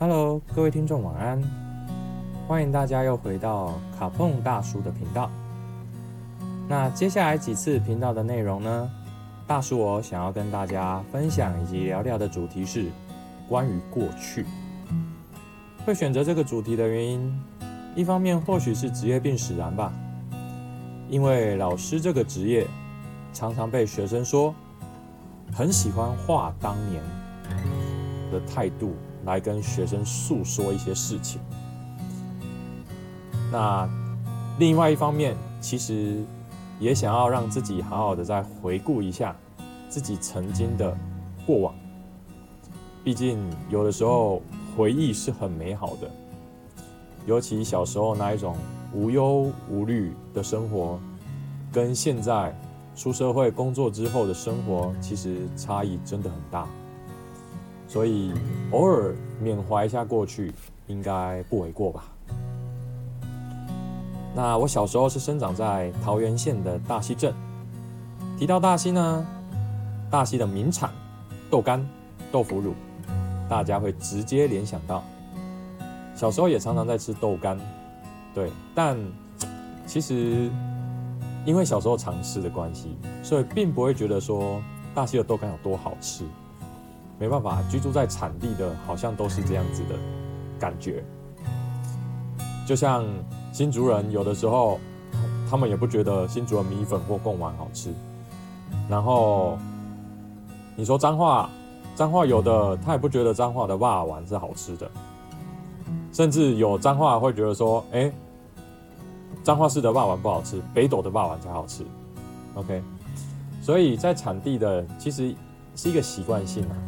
Hello，各位聽眾晚安，歡迎大家又回到卡碰大叔的頻道。那接下來幾次頻道的內容呢，大叔我想要跟大家分享以及聊聊的主題是關於過去。會選擇這個主題的原因，一方面或許是職業病使然吧，因為老師這個職業，常常被學生說很喜歡話當年的態度。來跟學生訴說一些事情。那另外一方面，其實也想要讓自己好好的再回顧一下自己曾經的過往。畢竟有的時候回憶是很美好的，尤其小時候那一種無憂無慮的生活，跟現在出社會工作之後的生活，其實差異真的很大。所以偶爾緬懷一下過去，應該不為過吧？那我小時候是生長在桃園縣的大溪鎮。提到大溪呢，大溪的名產豆乾、豆腐乳，大家會直接聯想到。小時候也常常在吃豆乾，對，但其實因為小時候常吃的關係，所以並不會覺得說大溪的豆乾有多好吃。沒辦法，居住在產地的，好像都是這樣子的感覺。就像新竹人有的時候，他們也不覺得新竹的米粉或貢丸好吃。然後你說彰化，彰化有的他也不覺得彰化的肉丸是好吃的。甚至有彰化會覺得說，哎，彰化市的肉丸不好吃，北斗的肉丸才好吃。OK，所以在產地的其實是一個習慣性啊。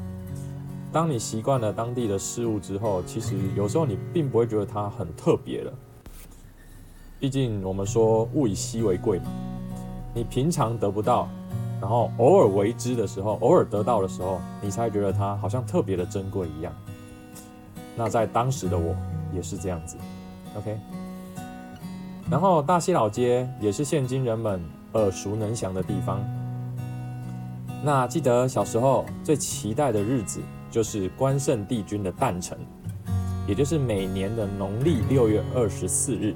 當你習慣了當地的事物之後，其實有時候你並不會覺得它很特別了。畢竟我們說物以稀為貴嘛，你平常得不到，然後偶爾為之的時候，偶爾得到的時候，你才覺得它好像特別的珍貴一樣。那在當時的我也是這樣子，OK。然後大溪老街也是現今人們耳熟能詳的地方。那記得小時候最期待的日子。就是關聖帝君的誕辰，也就是每年的農曆六月二十四日。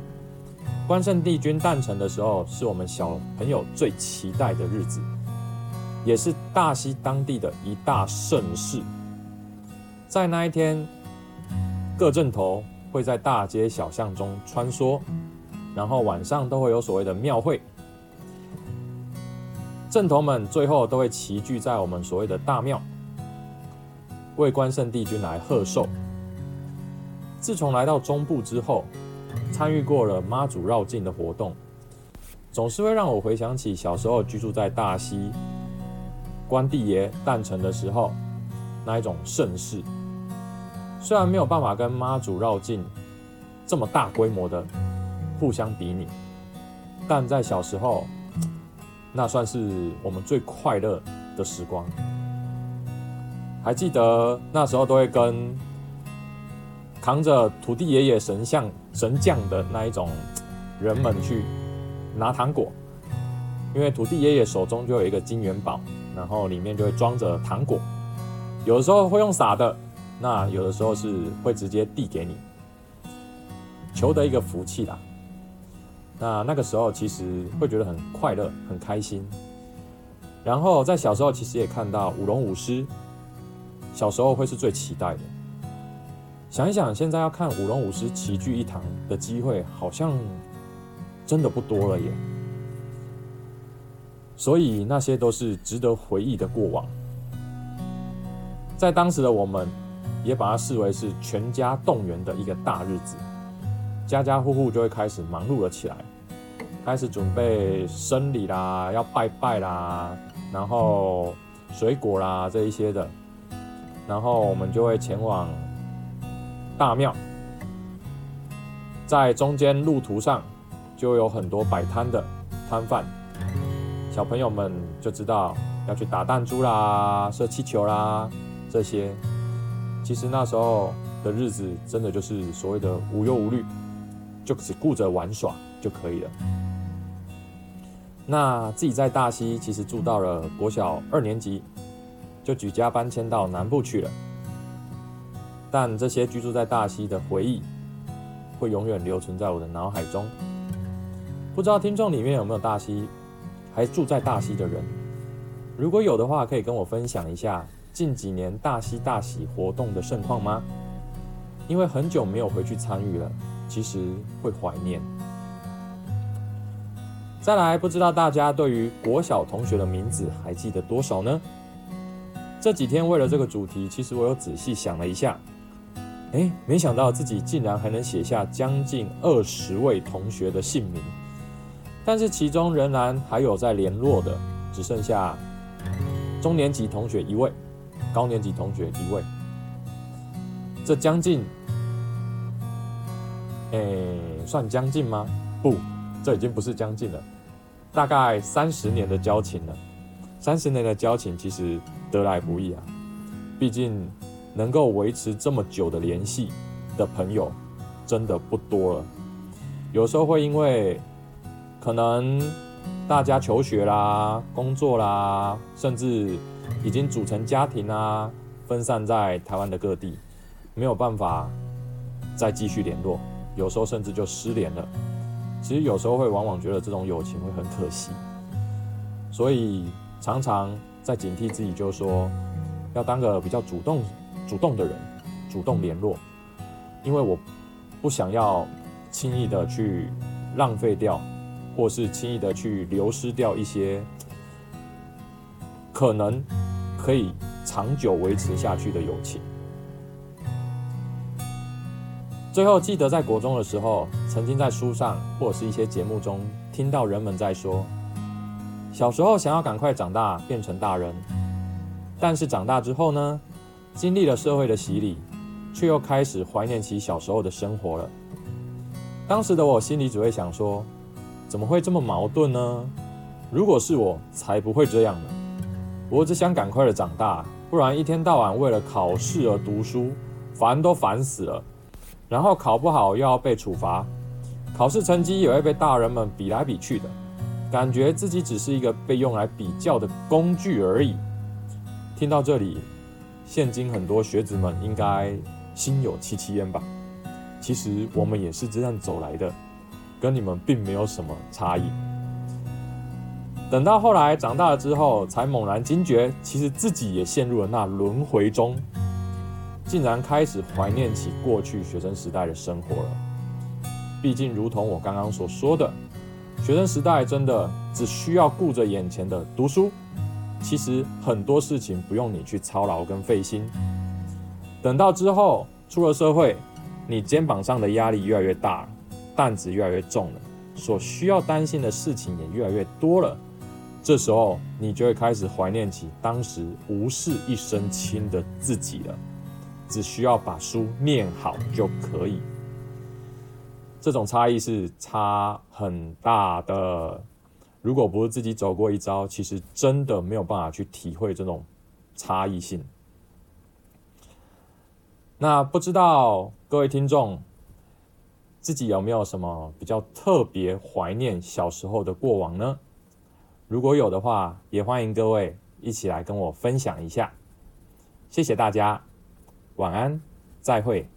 關聖帝君誕辰的時候，是我們小朋友最期待的日子，也是大溪當地的一大盛事。在那一天，各陣頭會在大街小巷中穿梭，然後晚上都會有所謂的廟會，陣頭們最後都會齊聚在我們所謂的大廟。為關聖帝君來賀壽。自從來到中部之後，參與過了媽祖繞境的活動，總是會讓我回想起小時候居住在大溪，關帝爺誕辰的時候那一種盛事。雖然沒有辦法跟媽祖繞境這麼大規模的互相比擬，但在小時候，那算是我們最快樂的時光。還記得那時候都會跟扛着土地爺爺神像、神將的那一種人們去拿糖果，因為土地爺爺手中就有一個金元寶，然後裡面就會裝着糖果。有的時候會用撒的，那有的時候是會直接遞給你，求得一個福氣啦。那那個時候其實會覺得很快樂、很開心。然後在小時候其實也看到舞龍舞獅。小時候會是最期待的。想一想，現在要看舞龍舞獅齊聚一堂的機會，好像真的不多了耶。所以那些都是值得回憶的過往。在當時的我們，也把它視為是全家動員的一個大日子，家家戶戶就會開始忙碌了起來，開始準備牲禮啦，要拜拜啦，然後水果啦這一些的。然後我們就會前往大廟，在中間路途上就有很多擺攤的攤販，小朋友們就知道要去打彈珠啦、射氣球啦這些。其實那時候的日子真的就是所謂的無憂無慮，就只顧着玩耍就可以了。那自己在大溪其實住到了國小二年級，就舉家搬遷到南部去了。但這些居住在大溪的回憶，會永遠留存在我的腦海中。不知道聽眾裡面有沒有大溪，還住在大溪的人？如果有的話，可以跟我分享一下近幾年大溪大喜活動的盛況嗎？因為很久沒有回去參與了，其實會懷念。再來，不知道大家對於國小同學的名字還記得多少呢？這幾天為了這個主題，其實我又仔細想了一下，誒，沒想到自己竟然還能寫下將近二十位同學的姓名，但是其中仍然還有在聯絡的，只剩下中年級同學一位，高年級同學一位，這將近，誒，算將近嗎？不，這已經不是將近了，大概三十年的交情了。三十年的交情其實得來不易啊，畢竟能夠維持這麼久的聯繫的朋友真的不多了。有時候會因為可能大家求學啦、工作啦，甚至已經組成家庭啦，分散在台灣的各地，沒有辦法再繼續聯絡。有時候甚至就失聯了。其實有時候會往往覺得這種友情會很可惜，所以。常常在警惕自己，就說要當個比較主動、主動的人，主動聯絡，因為我不想要輕易的去浪費掉，或是輕易的去流失掉一些可能可以長久維持下去的友情。最後，記得在國中的時候，曾經在書上或者是一些節目中聽到人們在說。小時候想要趕快長大變成大人，但是長大之後呢，經歷了社會的洗禮，卻又開始懷念起小時候的生活了。當時的我心裡只會想說：怎麼會這麼矛盾呢？如果是我，才不會這樣呢。我只想趕快的長大，不然一天到晚為了考試而讀書，煩都煩死了。然後考不好又要被處罰，考試成績也會被大人們比來比去的。感覺自己只是一個被用來比較的工具而已。聽到這裡，現今很多學子們應該心有戚戚焉吧？其實我們也是這樣走來的，跟你們並沒有什麼差異。等到後來長大了之後，才猛然驚覺，其實自己也陷入了那輪回中，竟然開始懷念起過去學生時代的生活了。畢竟如同我剛剛所說的。學生時代真的只需要顧着眼前的讀書，其實很多事情不用你去操勞跟費心。等到之後出了社會，你肩膀上的壓力越來越大，擔子越來越重了，所需要擔心的事情也越來越多了。這時候你就會開始懷念起當時無事一身輕的自己了，只需要把書念好就可以。這種差異是差很大的，如果不是自己走過一遭，其實真的沒有辦法去體會這種差異性。那不知道各位聽眾自己有沒有什麼比較特別懷念小時候的過往呢？如果有的話，也歡迎各位一起來跟我分享一下。謝謝大家，晚安，再會。